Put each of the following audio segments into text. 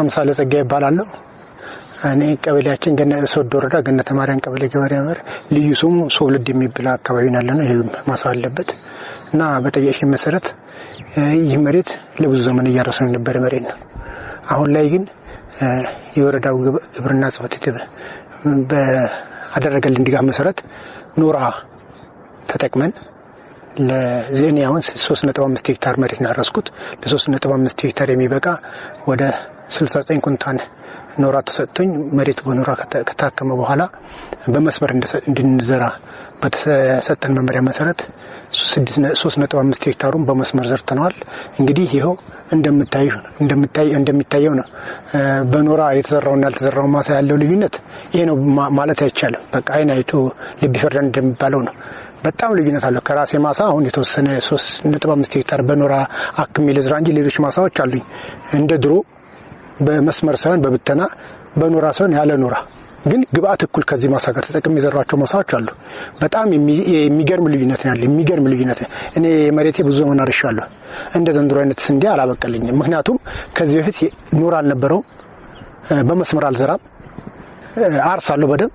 አምሳለ ጸጋ ይባላለሁ። እኔ ቀበሌያችን ገና ሶዶ ወረዳ ገነተ ማርያም ቀበሌ ገበሬ መር ልዩ ስሙ ሶብልድ የሚብል አካባቢ ያለ ነው። ይህ ማሳ አለበት እና በጠየቅሽኝ መሰረት ይህ መሬት ለብዙ ዘመን እያረሱ የነበረ መሬት ነው። አሁን ላይ ግን የወረዳው ግብርና ጽሕፈት ቤት በአደረገልን ድጋፍ መሰረት ኖራ ተጠቅመን ለእኔ አሁን ሶስት ነጥብ አምስት ሄክታር መሬት ነው ያረስኩት። ለሶስት ነጥብ አምስት ሄክታር የሚበቃ ወደ ስልሳ ዘጠኝ ኩንታን ኖራ ተሰጥቶኝ መሬት በኖራ ከታከመ በኋላ በመስመር እንድንዘራ በተሰጠን መመሪያ መሰረት ሶስት ነጥብ አምስት ሄክታሩን በመስመር ዘርተነዋል። እንግዲህ ይኸው እንደሚታየው ነው። በኖራ የተዘራውና ያልተዘራው ማሳ ያለው ልዩነት ይሄ ነው ማለት አይቻልም። በቃ አይን አይቶ ልብ ይፈርዳል እንደሚባለው ነው። በጣም ልዩነት አለው። ከራሴ ማሳ አሁን የተወሰነ ሶስት ነጥብ አምስት ሄክታር በኖራ አክሜ ልዝራ እንጂ ሌሎች ማሳዎች አሉኝ። እንደ ድሮ በመስመር ሳይሆን በብተና በኖራ ሳይሆን ያለ ኖራ ግን ግብአት እኩል ከዚህ ማሳ ጋር ተጠቅም የዘሯቸው ማሳዎች አሉ። በጣም የሚገርም ልዩነት ያለ የሚገርም ልዩነት። እኔ መሬቴ ብዙ ዘመን አርሻለሁ። እንደ ዘንድሮ አይነት ስንዴ አላበቀልኝም። ምክንያቱም ከዚህ በፊት ኖራ አልነበረውም። በመስመር አልዘራም። አርሳለሁ በደንብ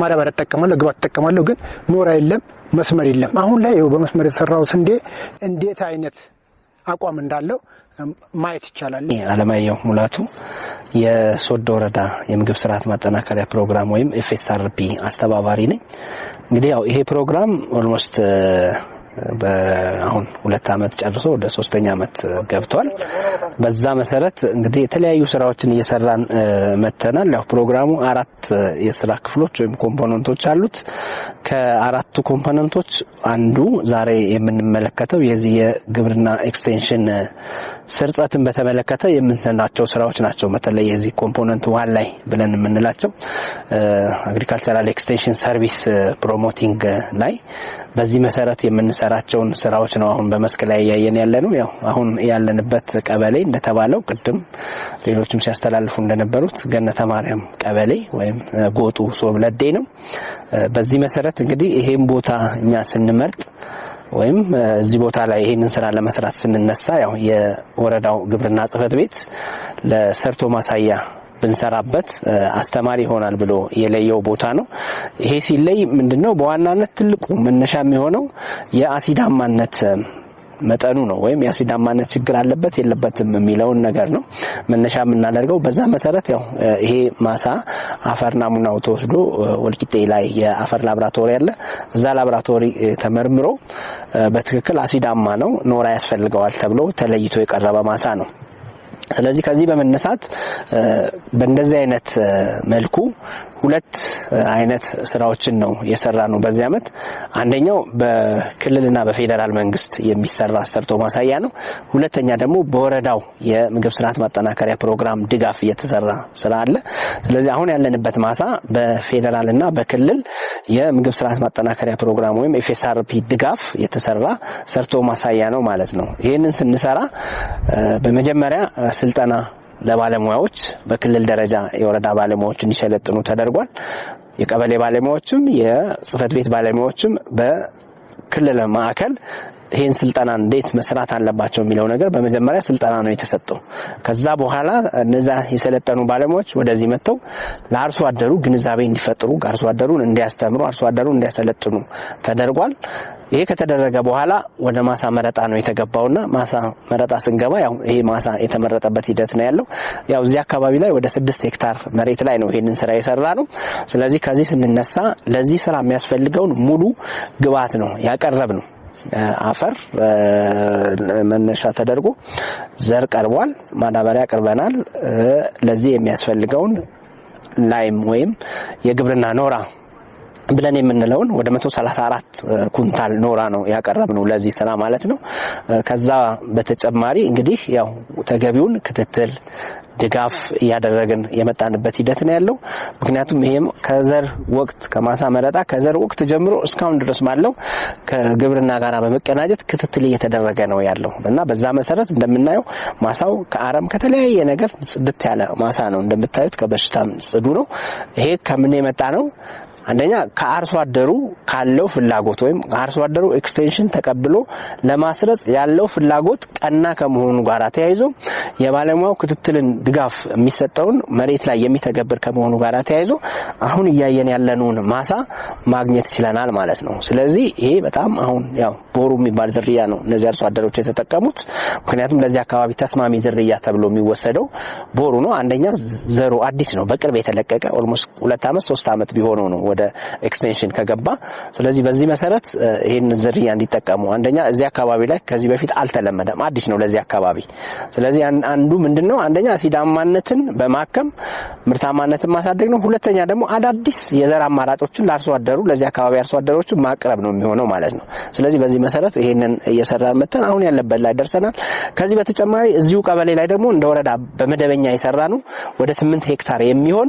ማዳበሪያ እጠቀማለሁ፣ ግባት እጠቀማለሁ፣ ግን ኖራ የለም መስመር የለም። አሁን ላይ በመስመር የተሰራው ስንዴ እንዴት አይነት አቋም እንዳለው ማየት ይቻላል። አለማየሁ ሙላቱ የሶዶ ወረዳ የምግብ ስርዓት ማጠናከሪያ ፕሮግራም ወይም ኤፍኤስአርፒ አስተባባሪ ነኝ። እንግዲህ ያው ይሄ ፕሮግራም ኦልሞስት በአሁን ሁለት አመት ጨርሶ ወደ ሶስተኛ አመት ገብቷል። በዛ መሰረት እንግዲህ የተለያዩ ስራዎችን እየሰራን መተናል። ያው ፕሮግራሙ አራት የስራ ክፍሎች ወይም ኮምፖነንቶች አሉት። ከአራቱ ኮምፖነንቶች አንዱ ዛሬ የምንመለከተው የዚህ የግብርና ኤክስቴንሽን ስርጸትን በተመለከተ የምንሰናቸው ስራዎች ናቸው። በተለይ የዚህ ኮምፖነንት ዋን ላይ ብለን የምንላቸው አግሪካልቸራል ኤክስቴንሽን ሰርቪስ ፕሮሞቲንግ ላይ በዚህ መሰረት የምንሰራቸውን ስራዎች ነው አሁን በመስክ ላይ እያየን ያለ ነው። ያው አሁን ያለንበት ቀበሌ እንደተባለው ቅድም ሌሎችም ሲያስተላልፉ እንደነበሩት ገነተ ማርያም ቀበሌ ወይም ጎጡ ሶብለዴ ነው። በዚህ መሰረት እንግዲህ ይሄን ቦታ እኛ ስንመርጥ ወይም እዚህ ቦታ ላይ ይሄንን ስራ ለመስራት ስንነሳ ያው የወረዳው ግብርና ጽህፈት ቤት ለሰርቶ ማሳያ ብንሰራበት አስተማሪ ይሆናል ብሎ የለየው ቦታ ነው። ይሄ ሲለይ ምንድነው በዋናነት ትልቁ መነሻ የሚሆነው የአሲዳማነት መጠኑ ነው ወይም የአሲዳማነት ችግር አለበት የለበትም የሚለውን ነገር ነው መነሻ የምናደርገው። በዛ መሰረት ያው ይሄ ማሳ አፈር ናሙናው ተወስዶ ወልቂጤ ላይ የአፈር ላብራቶሪ አለ። እዛ ላብራቶሪ ተመርምሮ በትክክል አሲዳማ ነው ኖራ ያስፈልገዋል ተብሎ ተለይቶ የቀረበ ማሳ ነው። ስለዚህ ከዚህ በመነሳት በእንደዚህ አይነት መልኩ ሁለት አይነት ስራዎችን ነው የሰራ ነው በዚህ አመት። አንደኛው በክልልና በፌዴራል መንግስት የሚሰራ ሰርቶ ማሳያ ነው። ሁለተኛ ደግሞ በወረዳው የምግብ ስርዓት ማጠናከሪያ ፕሮግራም ድጋፍ እየተሰራ ስራ አለ። ስለዚህ አሁን ያለንበት ማሳ በፌዴራልና በክልል የምግብ ስርዓት ማጠናከሪያ ፕሮግራም ወይም ኤፍኤስአርፒ ድጋፍ የተሰራ ሰርቶ ማሳያ ነው ማለት ነው። ይህንን ስንሰራ በመጀመሪያ ስልጠና ለባለሙያዎች በክልል ደረጃ የወረዳ ባለሙያዎች እንዲሰለጥኑ ተደርጓል። የቀበሌ ባለሙያዎችም የጽህፈት ቤት ባለሙያዎችም በክልል ማዕከል ይህን ስልጠና እንዴት መስራት አለባቸው የሚለው ነገር በመጀመሪያ ስልጠና ነው የተሰጠው። ከዛ በኋላ እነዛ የሰለጠኑ ባለሙያዎች ወደዚህ መጥተው ለአርሶ አደሩ ግንዛቤ እንዲፈጥሩ፣ አርሶ አደሩን እንዲያስተምሩ፣ አርሶ አደሩ እንዲያሰለጥኑ ተደርጓል። ይሄ ከተደረገ በኋላ ወደ ማሳ መረጣ ነው የተገባውና ማሳ መረጣ ስንገባ ያው ይሄ ማሳ የተመረጠበት ሂደት ነው ያለው። ያው እዚህ አካባቢ ላይ ወደ ስድስት ሄክታር መሬት ላይ ነው ይሄንን ስራ የሰራ ነው። ስለዚህ ከዚህ ስንነሳ ለዚህ ስራ የሚያስፈልገውን ሙሉ ግብዓት ነው ያቀረብ ነው። አፈር መነሻ ተደርጎ ዘር ቀርቧል። ማዳበሪያ ቀርበናል። ለዚህ የሚያስፈልገውን ላይም ወይም የግብርና ኖራ ብለን የምንለውን ወደ 134 ኩንታል ኖራ ነው ያቀረብነው ለዚህ ስራ ማለት ነው። ከዛ በተጨማሪ እንግዲህ ያው ተገቢውን ክትትል ድጋፍ እያደረግን የመጣንበት ሂደት ነው ያለው። ምክንያቱም ይሄም ከዘር ወቅት ከማሳ መረጣ ከዘር ወቅት ጀምሮ እስካሁን ድረስ ባለው ከግብርና ጋር በመቀናጀት ክትትል እየተደረገ ነው ያለው እና በዛ መሰረት እንደምናየው ማሳው ከአረም ከተለያየ ነገር ጽድት ያለ ማሳ ነው። እንደምታዩት ከበሽታም ጽዱ ነው። ይሄ ከምን የመጣ ነው? አንደኛ ከአርሶ አደሩ ካለው ፍላጎት ወይም አርሶ አደሩ ኤክስቴንሽን ተቀብሎ ለማስረጽ ያለው ፍላጎት ቀና ከመሆኑ ጋር ተያይዞ የባለሙያው ክትትልን ድጋፍ የሚሰጠውን መሬት ላይ የሚተገብር ከመሆኑ ጋር ተያይዞ አሁን እያየን ያለንውን ማሳ ማግኘት ችለናል ማለት ነው። ስለዚህ ይሄ በጣም አሁን ያው ቦሩ የሚባል ዝርያ ነው እነዚህ አርሶ አደሮች የተጠቀሙት። ምክንያቱም ለዚህ አካባቢ ተስማሚ ዝርያ ተብሎ የሚወሰደው ቦሩ ነው። አንደኛ ዘሩ አዲስ ነው፣ በቅርብ የተለቀቀ ኦልሞስት ሁለት አመት ሶስት አመት ቢሆነው ነው ወደ ኤክስቴንሽን ከገባ። ስለዚህ በዚህ መሰረት ይህንን ዝርያ እንዲጠቀሙ አንደኛ እዚህ አካባቢ ላይ ከዚህ በፊት አልተለመደም፣ አዲስ ነው ለዚህ አካባቢ። ስለዚህ አንዱ ምንድን ነው አንደኛ ሲዳማነትን በማከም ምርታማነትን ማሳደግ ነው። ሁለተኛ ደግሞ አዳዲስ የዘር አማራጮችን ለአርሶ አደሩ ለዚህ አካባቢ አርሶ አደሮቹ ማቅረብ ነው የሚሆነው ማለት ነው። ስለዚህ በዚህ መሰረት ይህንን እየሰራ መተን አሁን ያለበት ላይ ደርሰናል። ከዚህ በተጨማሪ እዚሁ ቀበሌ ላይ ደግሞ እንደ ወረዳ በመደበኛ የሰራ ነው ወደ ስምንት ሄክታር የሚሆን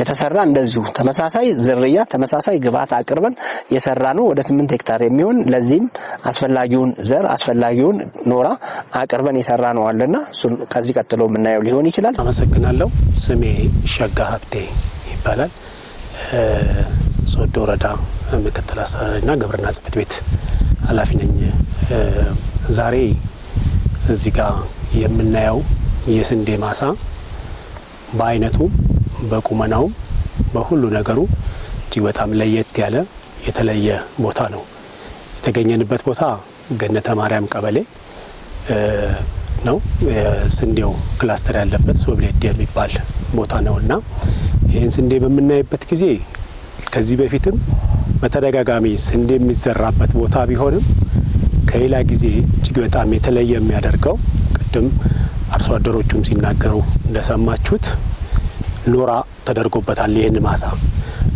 የተሰራ እንደዚሁ ተመሳሳይ ዝርያ ዙሪያ ተመሳሳይ ግብዓት አቅርበን የሰራ ነው ወደ ስምንት ሄክታር የሚሆን ለዚህም አስፈላጊውን ዘር አስፈላጊውን ኖራ አቅርበን የሰራ ነው አለና እሱን ከዚህ ቀጥሎ የምናየው ሊሆን ይችላል። አመሰግናለሁ። ስሜ ሸጋ ሀብቴ ይባላል። ሶዶ ወረዳ ምክትል አስተዳዳሪና ግብርና ጽፈት ቤት ኃላፊ ነኝ። ዛሬ እዚህ ጋር የምናየው የስንዴ ማሳ በአይነቱ በቁመናውም በሁሉ ነገሩ እጅግ በጣም ለየት ያለ የተለየ ቦታ ነው። የተገኘንበት ቦታ ገነተ ማርያም ቀበሌ ነው። ስንዴው ክላስተር ያለበት ሶብሌድ የሚባል ቦታ ነው እና ይህን ስንዴ በምናይበት ጊዜ ከዚህ በፊትም በተደጋጋሚ ስንዴ የሚዘራበት ቦታ ቢሆንም ከሌላ ጊዜ እጅግ በጣም የተለየ የሚያደርገው ቅድም አርሶ አደሮቹም ሲናገሩ እንደሰማችሁት ኖራ ተደርጎበታል ይህን ማሳ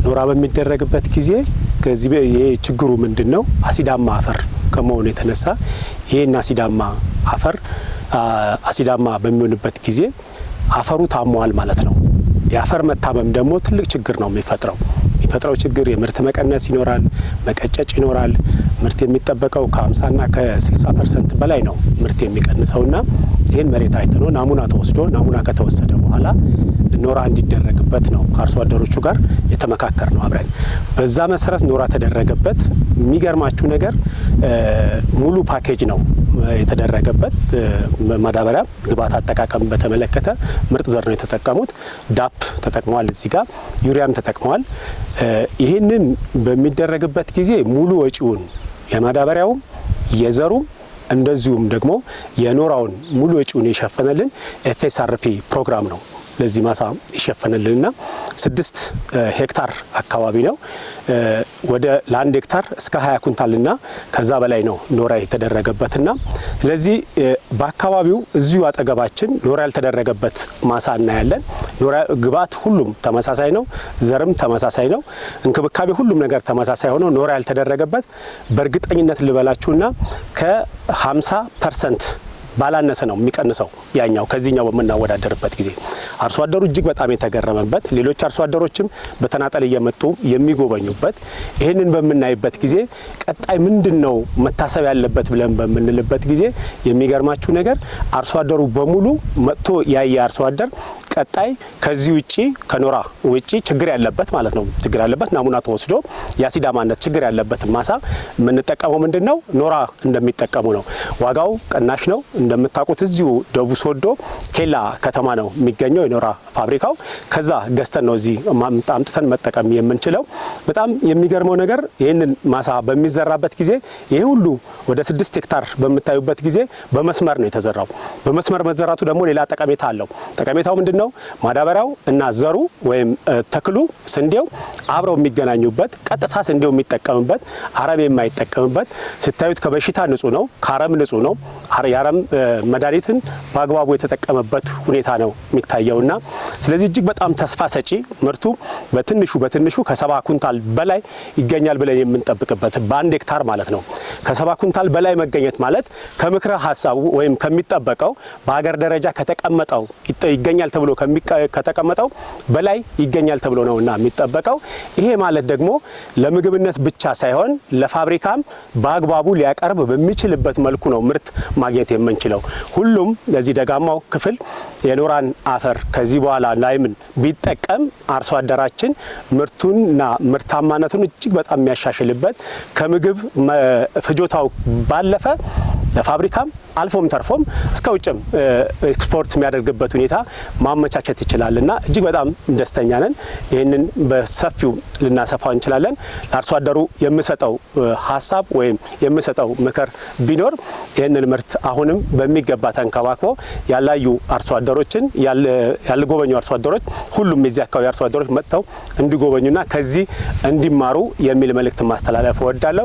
ኖራ በሚደረግበት ጊዜ ከዚህ ይሄ ችግሩ ምንድን ነው? አሲዳማ አፈር ከመሆኑ የተነሳ ይህን አሲዳማ አፈር አሲዳማ በሚሆንበት ጊዜ አፈሩ ታሟል ማለት ነው። የአፈር መታመም ደግሞ ትልቅ ችግር ነው የሚፈጥረው። የሚፈጥረው ችግር የምርት መቀነስ ይኖራል፣ መቀጨጭ ይኖራል። ምርት የሚጠበቀው ከ50ና ከ60 ፐርሰንት በላይ ነው ምርት የሚቀንሰውና ይህን መሬት አይተነው ናሙና ተወስዶ ናሙና ከተወሰደ በኋላ ኖራ እንዲደረግበት ነው ከአርሶ አደሮቹ ጋር የተመካከር ነው አብረን። በዛ መሰረት ኖራ ተደረገበት። የሚገርማችሁ ነገር ሙሉ ፓኬጅ ነው የተደረገበት። ማዳበሪያ ግብዓት አጠቃቀም በተመለከተ ምርጥ ዘር ነው የተጠቀሙት። ዳፕ ተጠቅመዋል፣ እዚህ ጋር ዩሪያም ተጠቅመዋል። ይህንን በሚደረግበት ጊዜ ሙሉ ወጪውን የማዳበሪያውም የዘሩም እንደዚሁም ደግሞ የኖራውን ሙሉ ወጪውን የሸፈነልን ኤፍኤስአርፒ ፕሮግራም ነው ለዚህ ማሳ የሸፈነልንና ስድስት ሄክታር አካባቢ ነው ወደ ለአንድ ሄክታር እስከ 20 ኩንታልና ከዛ በላይ ነው ኖራ የተደረገበትና ስለዚህ በአካባቢው እዚሁ አጠገባችን ኖራ ያልተደረገበት ማሳ እናያለን። ኖራ ግብዓት ሁሉም ተመሳሳይ ነው፣ ዘርም ተመሳሳይ ነው፣ እንክብካቤ ሁሉም ነገር ተመሳሳይ ሆኖ ኖራ ያልተደረገበት በእርግጠኝነት ልበላችሁና ከ50 ፐርሰንት ባላነሰ ነው የሚቀንሰው ያኛው ከዚህኛው በምናወዳደርበት ጊዜ አርሶ አደሩ እጅግ በጣም የተገረመበት፣ ሌሎች አርሶ አደሮችም በተናጠል እየመጡ የሚጎበኙበት ይህንን በምናይበት ጊዜ ቀጣይ ምንድን ነው መታሰብ ያለበት ብለን በምንልበት ጊዜ የሚገርማችሁ ነገር አርሶ አደሩ በሙሉ መጥቶ ያየ አርሶ አደር ቀጣይ ከዚህ ውጪ ከኖራ ውጪ ችግር ያለበት ማለት ነው ችግር ያለበት ናሙና ተወስዶ የአሲዳማነት ችግር ያለበት ማሳ የምንጠቀመው ምንድን ነው? ኖራ እንደሚጠቀሙ ነው። ዋጋው ቀናሽ ነው። እንደምታውቁት እዚሁ ደቡብ ሶዶ ኬላ ከተማ ነው የሚገኘው የኖራ ፋብሪካው። ከዛ ገዝተን ነው እዚህ አምጥተን መጠቀም የምንችለው። በጣም የሚገርመው ነገር ይህንን ማሳ በሚዘራበት ጊዜ ይህ ሁሉ ወደ ስድስት ሄክታር በምታዩበት ጊዜ በመስመር ነው የተዘራው። በመስመር መዘራቱ ደግሞ ሌላ ጠቀሜታ አለው። ጠቀሜታው ምንድን ነው? ነው። ማዳበሪያው እና ዘሩ ወይም ተክሉ ስንዴው አብረው የሚገናኙበት ቀጥታ ስንዴው የሚጠቀምበት አረም የማይጠቀምበት ስታዩት ከበሽታ ንጹህ ነው፣ ከአረም ንጹህ ነው። የአረም መድኃኒትን በአግባቡ የተጠቀመበት ሁኔታ ነው የሚታየውና ስለዚህ እጅግ በጣም ተስፋ ሰጪ ምርቱ በትንሹ በትንሹ ከሰባ ኩንታል በላይ ይገኛል ብለን የምንጠብቅበት በአንድ ሄክታር ማለት ነው። ከሰባ ኩንታል በላይ መገኘት ማለት ከምክረ ሀሳቡ ወይም ከሚጠበቀው በሀገር ደረጃ ከተቀመጠው ይገኛል ተብሎ ከተቀመጠው በላይ ይገኛል ተብሎ ነውና የሚጠበቀው። ይሄ ማለት ደግሞ ለምግብነት ብቻ ሳይሆን ለፋብሪካም በአግባቡ ሊያቀርብ በሚችልበት መልኩ ነው ምርት ማግኘት የምንችለው። ሁሉም ለዚህ ደጋማው ክፍል የኖራን አፈር ከዚህ በኋላ ላይምን ቢጠቀም አርሶ አደራችን ምርቱንና ምርታማነቱን እጅግ በጣም የሚያሻሽልበት ከምግብ ፍጆታው ባለፈ ለፋብሪካም አልፎም ተርፎም እስከ ውጭም ኤክስፖርት የሚያደርግበት ሁኔታ ማመቻቸት ይችላል እና እጅግ በጣም ደስተኛ ነን። ይህንን በሰፊው ልናሰፋ እንችላለን። ለአርሶ አደሩ የምሰጠው ሀሳብ ወይም የምሰጠው ምክር ቢኖር ይህንን ምርት አሁንም በሚገባ ተንከባክቦ ያላዩ አርሶ አደሮችን ያልጎበኙ አርሶ አደሮች ሁሉም የዚህ አካባቢ አርሶ አደሮች መጥተው እንዲጎበኙና ከዚህ እንዲማሩ የሚል መልእክት ማስተላለፍ እወዳለሁ።